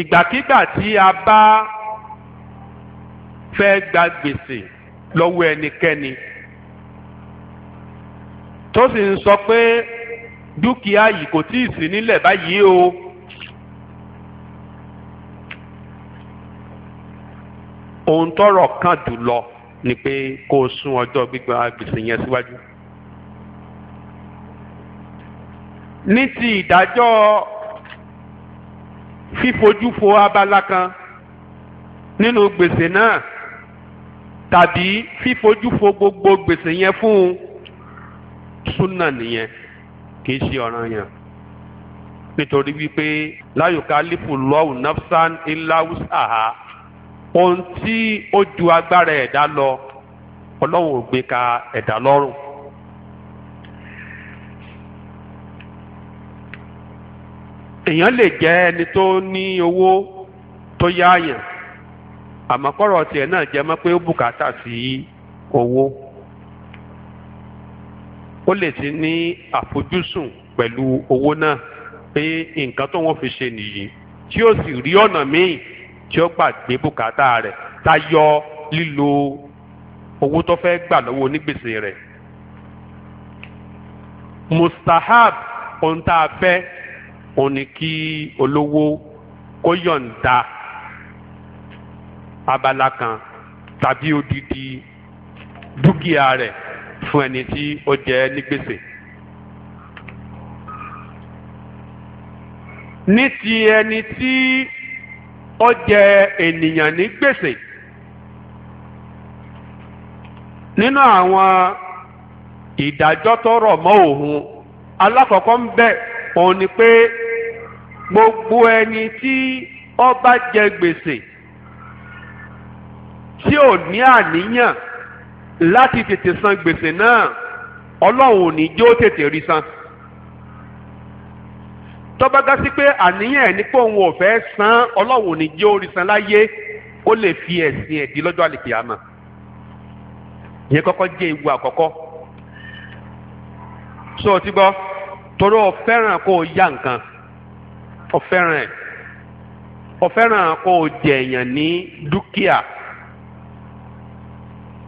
ìgbàkígbà tí a bá fẹ́ gba gbèsè lọ́wọ́ ẹnikẹ́ni tó sì ń sọ pé dúkìá yìí kò tíì sí nílẹ̀ báyìí o ohun tọ́rọ̀ kàn jùlọ ni pé kó o sún ọjọ́ gbígbà gbèsè yẹn síwájú. ní ti ìdájọ́ fífojú fo abala kan nínú gbèsè náà tàbí fífojú fo gbogbo gbèsè yẹn fún un súnà nìyẹn kì í ṣe ọ̀ràn yẹn nítorí wípé láyòká lífù lọ́wù nafsan iláwù sàhà ohun tí ó ju agbára ẹ̀dá lọ ọlọ́run ò gbé ka ẹ̀dá lọ́rùn èèyàn lè jẹ́ ẹni tó ní owó tó yáàyàn àmọ́ kọ́rọ̀ tiẹ̀ náà jẹ́ mọ́ pé ó bùkátà sí owó ó lè ti ní àfojúsùn pẹ̀lú owó náà pé nǹkan tó wọ́n fi ṣe nìyí tí ó sì rí ọ̀nà míì tí ó gbà bùkátà rẹ̀ tayọ lílo owó tó fẹ́ gbà lọ́wọ́ onígbèsè rẹ̀ mustahab ohun tá a fẹ́ ó ní kí olówó kó yọ̀ǹda abala kan tàbí odidi dúkìá rẹ̀ fún ẹni tí ó jẹ́ ní gbèsè. ní ti ẹni tí ó jẹ ènìyàn ní gbèsè nínú àwọn ìdájọ́ tó rọ̀ mọ́ òun alákọ̀ọ́kọ́ ń bẹ òun ni pé gbogbo ẹni tí ó bá jẹ gbèsè tí ò ní àníyàn láti tètè san gbèsè náà ọlọ́run ò ní jó tètè rí san tó bá gá sí pé àníyàn ẹ̀ ní pé òun ò fẹ́ san ọlọ́run ò ní jó rí san láyé ó lè fi ẹ̀sìn ẹ̀ di lọ́jọ́ àlèkìyàmà ìyẹn kọ́kọ́ jẹ́ ewu àkọ́kọ́ so ti gbọ́ torí fẹ́ràn kó o yá nǹkan ọ̀fẹ́ràn ẹ̀ ọ̀fẹ́ràn kó o jẹ̀yàn ní dúkìá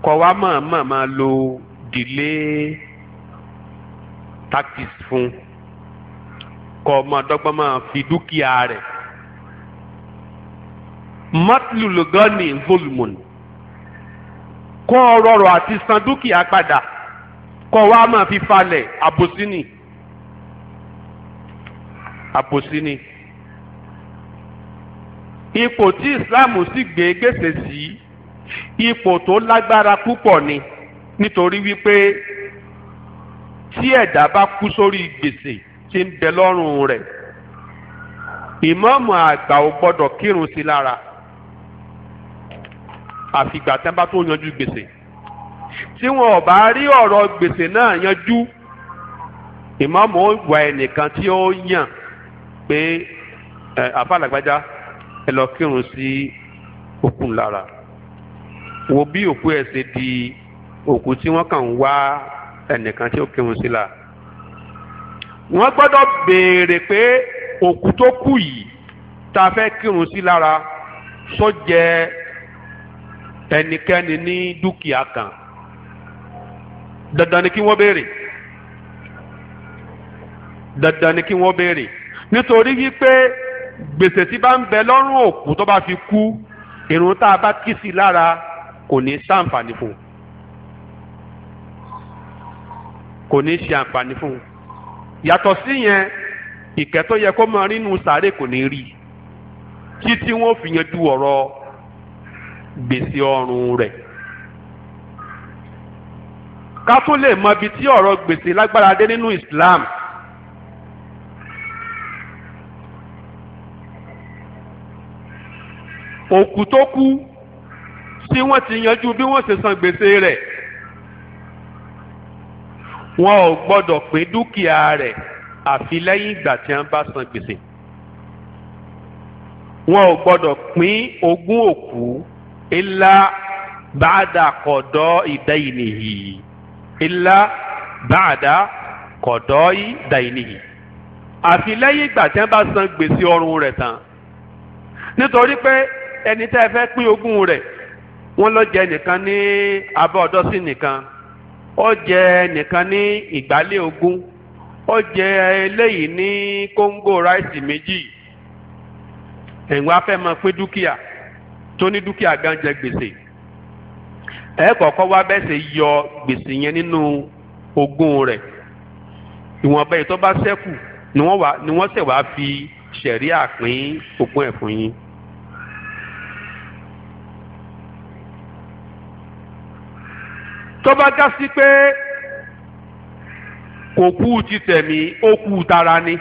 kọ̀ wá mọ̀ọ́mọ̀ máa lo delay tactics fún kọ́ ọmọ dọ́gbọ́n máa fi dúkìá rẹ̀ matlu lugani volumun kọ́ ọ̀rọ̀rọ̀ àti san dúkìá padà kọ́ wa máa fi falẹ̀ àbòsí ni àbòsí ni ipò tí islam sì gbé gbèsè sí ipò tó lágbára púpọ̀ ni nítorí wípé tí ẹ̀dá bá kú sórí gbèsè tí ń bẹ lọ́rùn rẹ̀ ìmáàmù àgbà ò gbọ́dọ̀ kírun sí lára àfìgbà tí wọ́n bá tó yanjú gbèsè tí wọn ò bá rí ọ̀rọ̀ gbèsè náà yanjú ìmáàmù ó wà ẹnìkan tí ó yàn pé àfàlàgbájá ẹ lọ kírun sí òkú lára wo bí òkú ẹ ṣe di òkú tí wọ́n kàn ń wá ẹnìkan tí ó kírun sí la wọ́n gbọ́dọ̀ béèrè pé òkú tó kù yìí tá a fẹ́ kírun sí lára sọ jẹ ẹnikẹ́ni ní dúkìá kan dandan ni kí wọ́n béèrè dandan ni kí wọ́n béèrè nítorí wípé gbèsè tí bá ń bẹ lọ́rùn òkú tó bá fi kú ìrun tá a bá kí sí lára kò ní ṣàǹfààní fún un kò ní ṣe àǹfààní fún un yàtọ̀ sí yẹn ìkẹ́ tó yẹ kó máa rínú sàárè kò ní rí títí wọ́n fi yanjú ọ̀rọ̀ gbèsè ọrùn rẹ̀ ká tún lè mọ ibi tí ọ̀rọ̀ gbèsè lágbára dé nínú Islam. òkú tó kú tí wọ́n ti yanjú bí wọ́n ṣe san gbèsè rẹ̀ wọn ò gbọ́dọ̀ pín dúkìá rẹ̀ àfi lẹ́yìn ìgbà tí wọ́n bá san gbèsè wọn ò gbọ́dọ̀ pín ogún òkú ilá bàdà kọ̀dọ̀ ìdẹ́yìnìyì ilá bàdà kọ̀dọ̀ ìdẹ́yìnìyì àfi lẹ́yìn ìgbà tí wọ́n bá san gbèsè ọrùn rẹ̀ tán nítorí pé ẹni tẹ́ ẹ fẹ́ pín ogún rẹ̀ wọ́n lọ jẹ nìkan ní abọ́ ọ̀dọ́sí nìkan ó jẹ nìkan ní ìgbálẹ̀ ogún ó jẹ eléyìí ní kóńgò ráìsì méjì ẹ̀wọ̀n afẹ́ máa pín dúkìá tó ní dúkìá gan jẹ gbèsè ẹ kọ́kọ́ wá bẹ́ẹ̀ ṣe yọ gbèsè yẹn nínú ogún rẹ̀ ìwọ̀nba ètò bá ṣẹ́kù ni wọ́n ṣẹ̀ wá fi ṣẹ̀ríà pín ogún ẹ̀ fún yín. tó bá já sí pé kò kú ti tẹ̀mí ó kú tara ni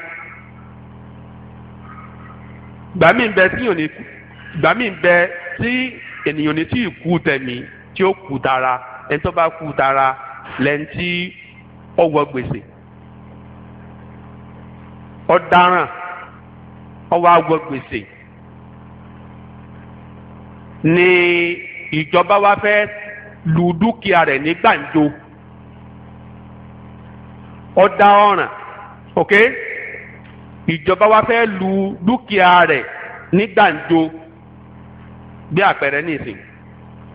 gbà mí bẹ tí òní gbà mí bẹ tí ènìyàn ní tí kú tẹ̀mí tí ó kú tara ẹni tó bá kú tara lẹ́ni tí ó wọ gbèsè ọ̀daràn ó wá wọ gbèsè ni ìjọba wa fẹ́ lu dúkìá rẹ̀ ní gbàǹjo ọ̀dà ọ̀ràn ok ìjọba wa fẹ́ lu dúkìá rẹ̀ ní gbàǹjo bí àpẹẹrẹ nìsín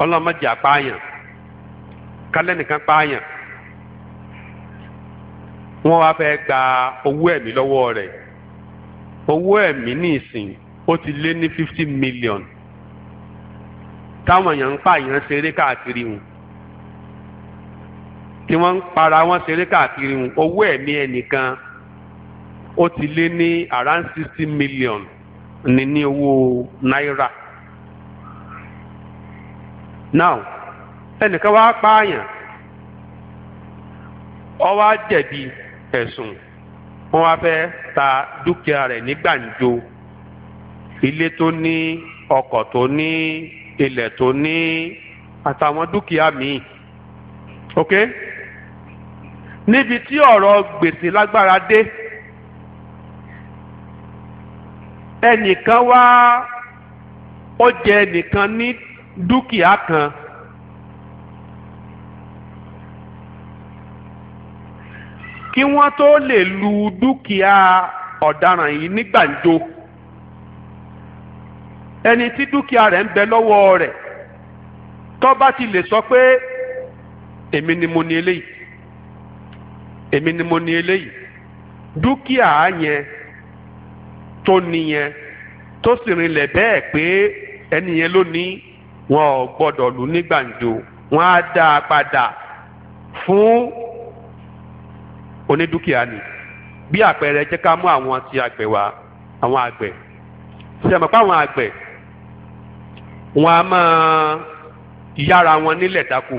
ọlọ́mọdé àpáàyàn kálẹ̀ nìkan pààyàn wọ́n wá fẹ́ gba owó ẹ̀mí lọ́wọ́ rẹ̀ owó ẹ̀mí nìsín ó ti lé ní fifty million táwọn èèyàn ń pa èèyàn ṣeré káàkiri wọn tí wọ́n ń para wọn ṣeré káàkiri wọn owó ẹ̀mí ẹnìkan ó ti lé ní around sixty million ní ní owó náírà now ẹnìkan wá pààyàn ó wá jẹ̀bi ẹ̀sùn wọ́n wá fẹ́ ta dúkìá rẹ̀ ní gbàǹjo ilé tó ní ọkọ̀ tó ní ilẹ̀ tó ní àtàwọn dúkìá míì ok níbi tí ọ̀rọ̀ gbèsè lágbára dé ẹnìkan wá ó jẹ ẹnìkan ní dúkìá kan. kí wọ́n tó lè lu dúkìá ọ̀daràn yìí ní ẹni tí dúkìá rẹ̀ ń bẹ lọ́wọ́ rẹ̀ tó bá ti lè sọ pé èmi ni mo ní eléyìí èmi ni mo ní eléyìí dúkìá yẹn tó nìyẹn tó sì rinlẹ̀ bẹ́ẹ̀ pé ẹni yẹn ló ní wọn ò gbọ́dọ̀ lù ní gbàǹjo wọn á dá a padà fún onídúkìá ni bí àpẹẹrẹ jẹ́ ká mú àwọn ti àgbẹ̀ wá àwọn àgbẹ̀ ṣe mọ̀ pé àwọn àgbẹ̀ wọn a máa yára wọn nílẹ̀ dáko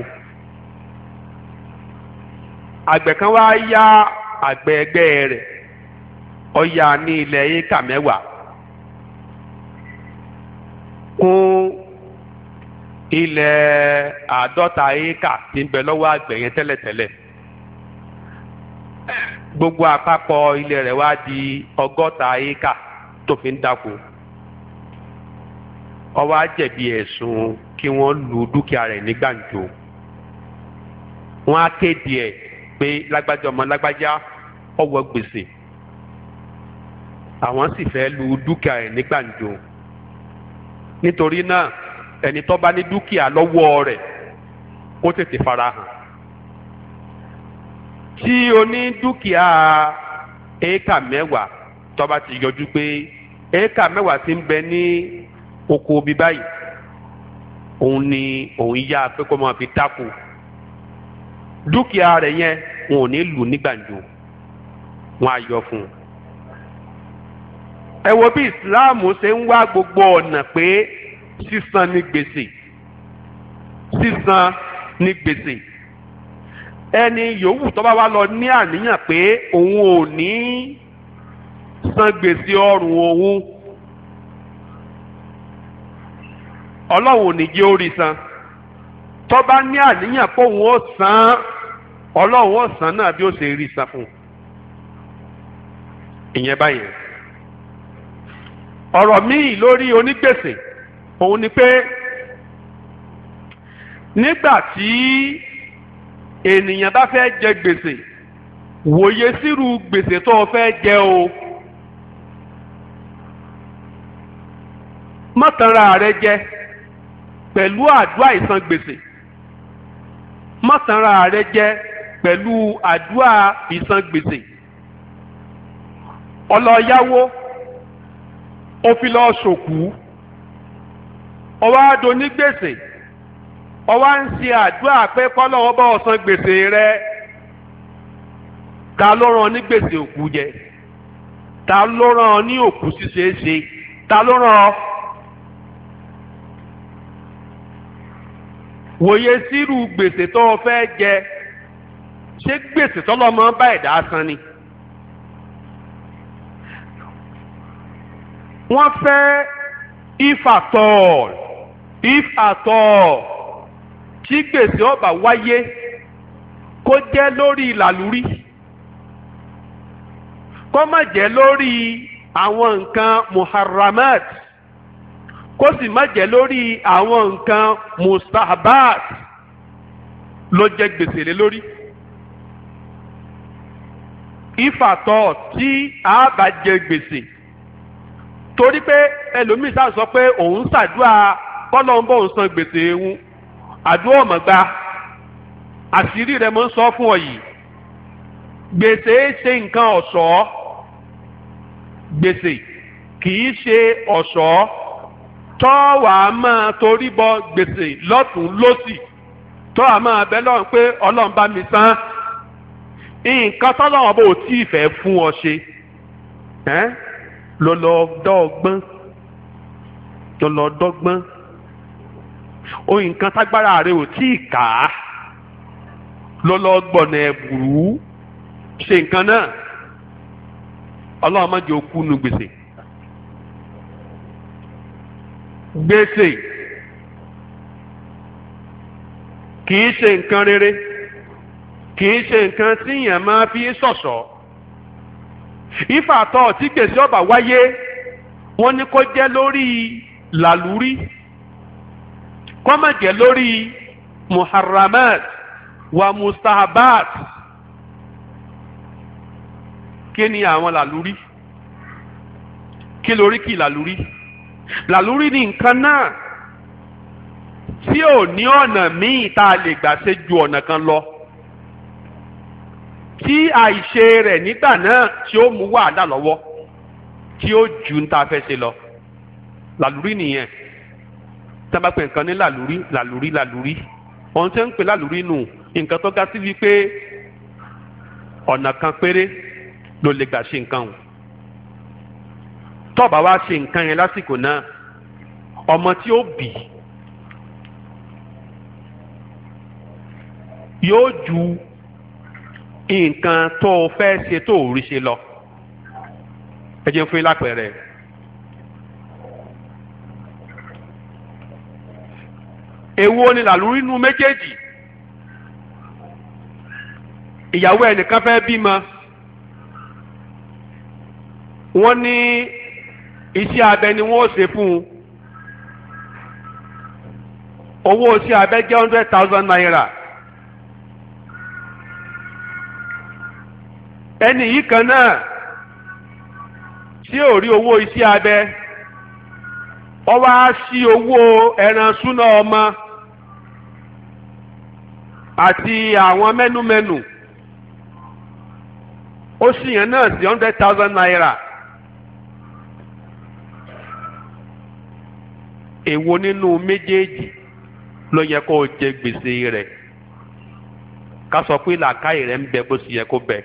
àgbẹ̀ kan wá yá àgbẹ̀ ẹgbẹ́ rẹ̀ ó ní ilẹ̀ éka mẹ́wàá kún ilẹ̀ àádọ́ta éka ti ń bẹ lọ́wọ́ àgbẹ̀ yẹn tẹ́lẹ̀tẹ́lẹ̀ gbogbo àpapọ̀ ilẹ̀ rẹ̀ wá di ọgọ́ta éka tó fi ń ọwọ́ ajẹ̀bi jẹ̀bi ẹ̀sùn kí wọ́n lu dúkìá rẹ̀ ní gbàǹjo wọ́n á kéde ẹ̀ pé lágbájá ọmọ lágbájá gbèsè àwọn sì fẹ́ lu dúkìá rẹ̀ ní gbàǹjo nítorí náà ẹni tó bá ní dúkìá lọ́wọ́ rẹ̀ kó tètè farahàn tí dúkìá mẹ́wàá ti yọjú pé oko bí báyìí òun ni òun yá pé kó máa fi dáko dúkìá rẹ̀ yẹn wọn ò ní lù ní gbàǹjo wọn á yọ fún un. ẹ wo bí ìsìláàmù ṣe ń wá gbogbo ọ̀nà pé sísan ní gbèsè sísan ní gbèsè ẹni yòówù tó bá wá lọ ní àníyàn pé òun ò ní san gbèsè ọrùn òun ọlọ́run ò ní jẹ́ orí san tó bá ní àníyàn pé òun ó san ọlọ́run ó san náà bí ó ṣe rí san fún un ìyẹn báyẹn ọ̀rọ̀ míì lórí onígbèsè òun ni pé nígbà tí ènìyàn bá fẹ́ jẹ gbèsè wòye sírú gbèsè tó o fẹ́ jẹ o má tanra rẹ jẹ pẹ̀lú àdúrà ìsan gbèsè má tanra rẹ jẹ pẹ̀lú àdúrà ìsan gbèsè ọlọ́yàwó ó fi lọ́ọ́ ṣòkú ọwọ́ adoni gbèsè ọwọ́ ń ṣe àdúrà pé kọ́lọ́wọ́ bá ọ̀sán gbèsè rẹ ta ló rán ní gbèsè òkú jẹ ta ló rán ní òkú ṣíṣe ṣe ta ló rán ọ. wòye sírú gbèsè tó o fẹ́ jẹ ṣé gbèsè tọ́lọ́mọ bá ẹ̀dá san ni. wọ́n fẹ́ if at all if at all tí gbèsè ó bá wáyé kó jẹ́ lórí làlúrí kó má jẹ́ lórí àwọn nǹkan muharramat kó sì má jẹ́ lórí àwọn nǹkan mustahabat ló jẹ́ gbèsè lé lórí. ìfàtọ̀ tí a bá jẹ gbèsè torí pé ẹlòmíì sáà sọ pé òun ṣàdúrà bọ́lọ̀ ń bọ̀ ń san gbèsè ewu àdúrà ọ̀mọ̀gba àṣírí rẹ̀ mọ́ ń sọ fún ọ yìí gbèsè ṣe nǹkan ọ̀ṣọ́ gbèsè kì í ṣe ọ̀ṣọ́ tọ́wà máa torí bọ gbèsè lọ́tún lọ́sì tọ́wà máa bẹ lọ́run pé ọlọ́run bá mi san nǹkan tọ́lọ́run bò tí ì fẹ́ fún ọ ṣe lọ́lọ́dọ́gbọ́n lọ́lọ́dọ́gbọ́n o nǹkan tágbára rẹ ò tí ì kà á lọ́lọ́gbọ̀nà ẹ̀bùrú ṣe nǹkan náà ọlọ́run má jẹ́ okú nu gbèsè. gbèsè kì í ṣe nǹkan rere kì í ṣe nǹkan tíyàn máa fi ṣọ̀ṣọ́ ìfàtọ̀ tí gbèsè ọba wáyé wọ́n ní kó jẹ́ lórí làlúrí kó má jẹ́ lórí muharramat wa mustahabat kí ni àwọn làlúrí kí lórí kì làlúrí làlúrí ni nǹkan náà tí ò ní ọ̀nà míì tá a lè gbà ṣe ju ọ̀nà kan lọ tí àìṣe rẹ̀ nígbà náà tí ó mú wàhálà lọ́wọ́ tí ó ju ń ta fẹ́ ṣe lọ làlúrí nìyẹn tábàpẹ̀ nǹkan ní làlúrí làlúrí làlúrí ohun tí ń pè lálùrí nù nǹkan tó ga sí wípé ọ̀nà kan péré ló lè gbà ṣe nǹkan o tó bá wá ṣe nǹkan yẹn lásìkò náà ọmọ tí ó bí yóò ju nǹkan tó o fẹ́ ṣe tó o rí ṣe lọ ẹ jẹ́ fún yín lápẹ̀rẹ̀. èwo ni làlúrí méjèèjì ìyàwó ẹnìkan fẹ́ bímọ wọ́n ní iṣẹ́ abẹ ni wọ́n ṣe fún un owó iṣẹ́ abẹ jẹ́ hundred thousand naira ẹni yìí kan náà ṣé ò rí owó iṣẹ́ abẹ ọ wá sí owó ẹran súná ọmọ àti àwọn mẹ́numẹ́nu ó sì yàn náà sí hundred thousand naira. èwo nínú méjèèjì ló yẹ kó o jẹ gbèsè rẹ̀ ká sọ pé làákàyè rẹ̀ ń bẹ bó sì yẹ kó bẹ.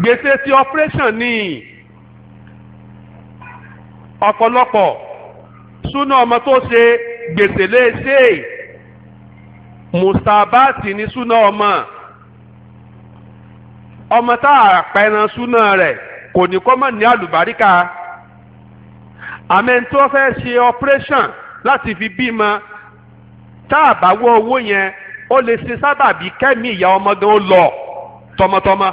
gbèsè ti operation ní ọ̀pọ̀lọpọ̀ súná ọmọ tó ṣe gbèsè léṣe mùsàbáàtì ní súná ọmọ ọmọ tá a pẹran súná rẹ̀ kò ní kọ́ mọ̀ ní àlùbáríkà àmẹ́ tó fẹ́ ṣe operation láti fi bímọ tá a bá wọ owó yẹn ó lè ṣe sábàbí kẹ́mi ìyá ọmọ gan ó lọ tọmọtọmọ.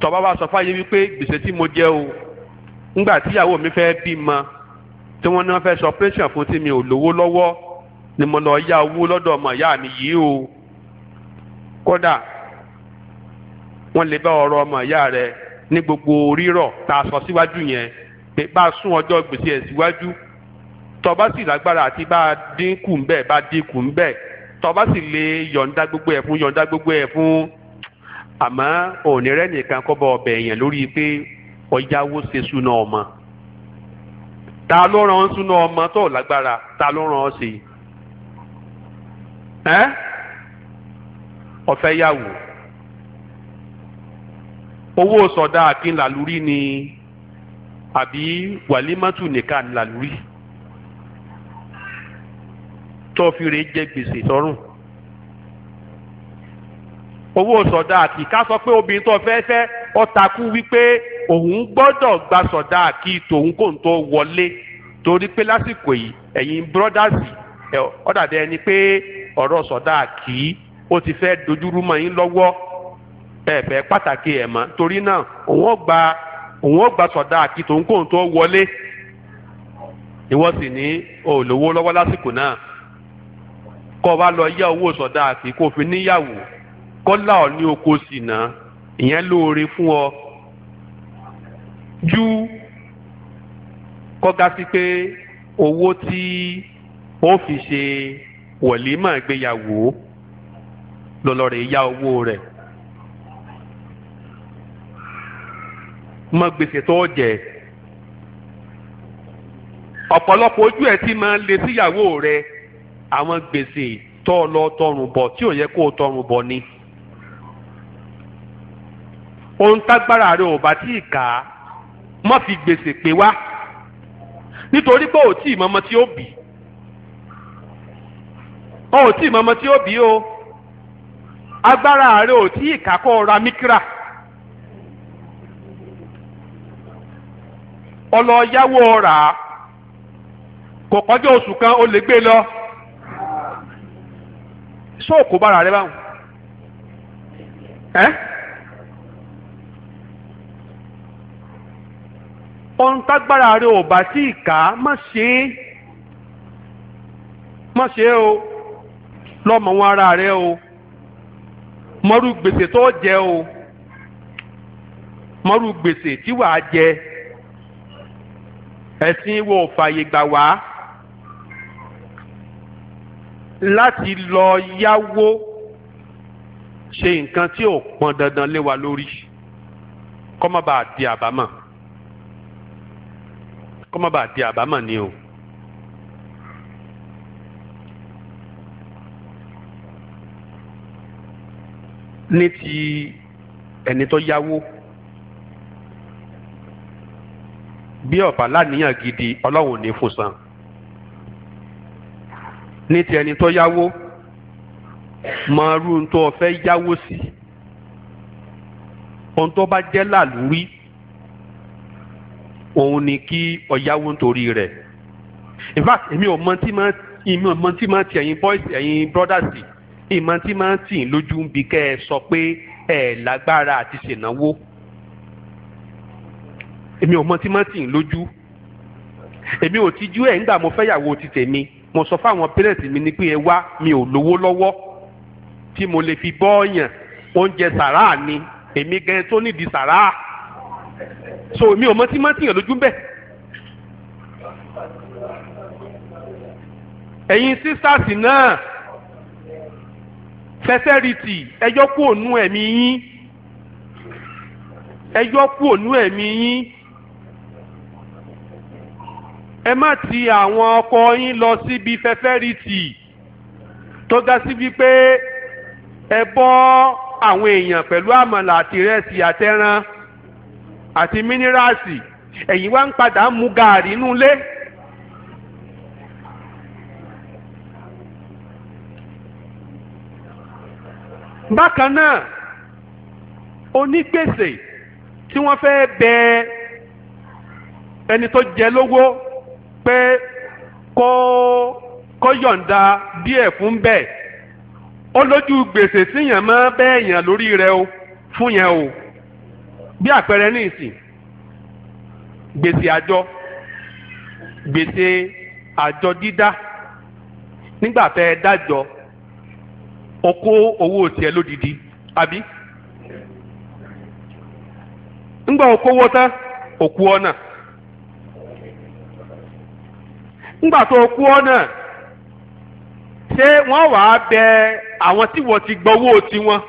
tọ́ba wa sọ fáyé wípé gbèsè tí mo jẹ o ńgbà tíyàwó mi fẹ́ bímọ tí wọ́n ní wọ́n fẹ́ ṣe operation fún tí mi ò lówó lọ́wọ́ ni mo lọ yá owó lọ́dọ̀ ọmọ ìyá mi yìí o kódà wọ́n lè bá ọ̀rọ̀ ọmọ ìyá rẹ̀ ní gbogbo rírọ̀ tá a sọ síwájú yẹn pé bá a sún ọjọ́ gbèsè ẹ̀ síwájú tó bá sì lágbára àti bá a dínkù ń bẹ̀ bá a dínkù ń bẹ̀ tó bá sì lè yọ̀ǹda gbogbo ẹ̀ fún yọ̀ǹda gbogbo ẹ̀ fún àmọ́ òní rẹ̀ nìkan kọ́ bọ ọbẹ̀ yẹn lórí pé ọ̀yáwó ṣe súná ọmọ ta ló ràn án súná ọmọ tó lágbára ta ló ràn án sí ẹ́ ọ̀fẹ́ yàwó. owó sọdá akin lórí ni àbí wàlímọ́tù nìkan lórí tọ́fìrè jẹ gbèsè sọ́rùn owó sọdá akin ká sọ pé obìnrin tó fẹ́ fẹ́ ọ̀tàkù wípé òun gbọ́dọ̀ gba sọdá akin tòun kò tó wọlé torí pé lásìkò yìí ẹ̀yin brothers ọ̀dàdẹ ẹni pé ọ̀rọ̀ sọdá akin ó ti fẹ́ dojúrú mọ́ yín lọ́wọ́. ẹ̀bẹ̀ pàtàkì ẹ̀ mọ́ torí náà òun ó gba òun ó gba sọ̀dá àti tòǹkóǹ tó wọlé ìwọ sì ní olówó lọ́wọ́ lásìkò náà kọ́ ọ bá lọ yá owó sọ̀dá àti kó fi níyàwó ní oko sì ìyẹn lóore fún ọ ju kọ́gá sí pé owó tí ó fi ṣe wọ̀límọ̀ ìgbéyàwó lọ́lọ́rẹ̀ yá owó mọ gbèsè tó jẹ ọ̀pọ̀lọpọ̀ ojú ẹ̀ tí máa ń síyàwó rẹ àwọn gbèsè tó lọ tọrùn bọ̀ tí ò yẹ kó o tọrùn bọ̀ ni ohun tágbára rẹ ò bá tí ì kà á má fi gbèsè pé wá nítorí pé ò tí ì mọmọ tí ó bì ò tí ì mọmọ tí ó bì o agbára rẹ ò tí ì kà kó ra mikra. ọlọ́yàwó rà á kò kọjá oṣù kan ó lè gbé lọ sóòkò bára rẹ báwọn ẹ ohun tágbára rẹ ò bá tí ì ká má ṣe é má ṣe é o lọ́mọ wọn ara rẹ o mọ́rú gbèsè tó jẹ o mọ́rú gbèsè tí wàá jẹ ẹ̀sìn wo fàyè gbà wá láti lọ yáwó ṣe nǹkan tí ò pọn dandan lé wa lórí kó má bàa di àbámọ̀ kó má bàa àbámọ̀ ni o. ní ti ẹni tó yáwó. bí ọba láníyàn gidi ọlọ́run ní fún san ní ti ẹni tó yáwó mọ irú ohun tó o fẹ́ yáwó sí ohun tó bá jẹ́ làlúrí òun ni kí ọ̀yáwó nítorí rẹ̀ in fact èmi ò mọ tí máa ti ẹ̀yin boys ẹ̀yin brothers ìmọ̀ tí máa tì lójú ń bi kẹ́ ẹ sọ pé ẹ̀ lágbára àti ṣènáwó èmi ò mọ timothy lójú èmi ò tijú ẹ̀ nígbà mo fẹ́yàwó ti tèmi mo sọ fáwọn pẹ́rẹ́ǹtì mi ni pé ẹ wá mi ò lówó lọ́wọ́ tí mo lè fi bọ́ọ̀yàn oúnjẹ sàrà ni èmi gan tó nídìí sàrà so èmi ò mọ timothy yàn lójú bẹ́ẹ̀. ẹ̀yin sisters náà fẹsẹ̀rìtì ẹjọ́ kú ònú ẹ̀mí yín ẹjọ́ kú ẹ̀mí yín ẹ má ti àwọn ọkọ yín lọ síbi fẹfẹrìtì tó ga sí wípé ẹ bọ́ àwọn èèyàn pẹ̀lú àmàlà àti rẹ́ẹ̀sì àtẹran àti mínírààsì ẹ̀yin wá ń padà mú gààrí inú ilé. bákan náà onígbèsè tí wọ́n fẹ́ bẹ ẹni tó jẹ lówó pé kó kó yọ̀nda díẹ̀ fún bẹ́ẹ̀ ó lójú gbèsè síyàn mọ́ bẹ́ẹ̀ yàn lórí rẹ o fún yẹn o bí àpẹẹrẹ ní ìsìn gbèsè àjọ gbèsè àjọ dídá nígbà tẹ́ ẹ dájọ o kó owó tiẹ̀ lódìdí àbí ńgbà okòwò tán òkú ọ̀nà ńgbà tó kú ọ̀nà ṣé wọ́n wàá bẹ àwọn tí wọ́n ti gbowó tiwọn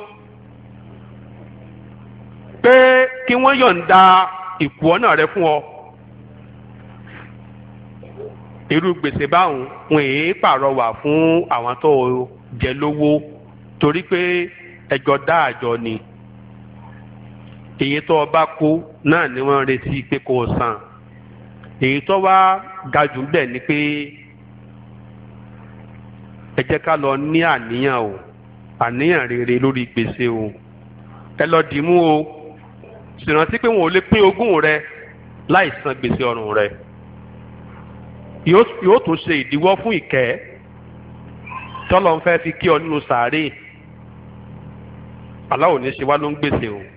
pé kí wọ́n yọ̀ǹda ìkú ọ̀nà rẹ fún ọ irú gbèsè báwọn wọn èé pàrọwà fún àwọn tó jẹ lówó torí pé ẹjọ́ dá àjọ ni èyí tó o bá kú náà ni wọ́n retí pé kó o èyí tó wá ga jù ń bẹ̀ ni pé ẹ jẹ́ ká lọ ní àníyàn o àníyàn rere lórí gbèsè o ẹ lọ dìímú o sì rántí pé wọn ò lè pín ogún rẹ láì san gbèsè ọrùn rẹ yóò tún ṣe ìdíwọ́ fún ìkẹ́ tọ́lọ́ ń fẹ́ fi kí ọ nínú sàárè aláwo ní ṣe wá ló ń gbèsè o.